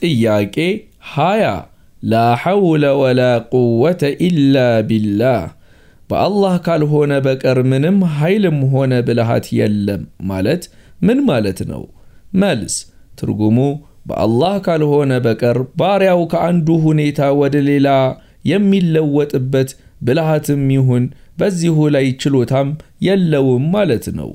ጥያቄ 20 ላ ሐውለ ወላ ቁወተ ኢላ ቢላህ በአላህ ካልሆነ በቀር ምንም ኃይልም ሆነ ብልሃት የለም ማለት ምን ማለት ነው? መልስ ትርጉሙ በአላህ ካልሆነ በቀር ባሪያው ከአንዱ ሁኔታ ወደ ሌላ የሚለወጥበት ብልሃትም ይሁን በዚሁ ላይ ችሎታም የለውም ማለት ነው።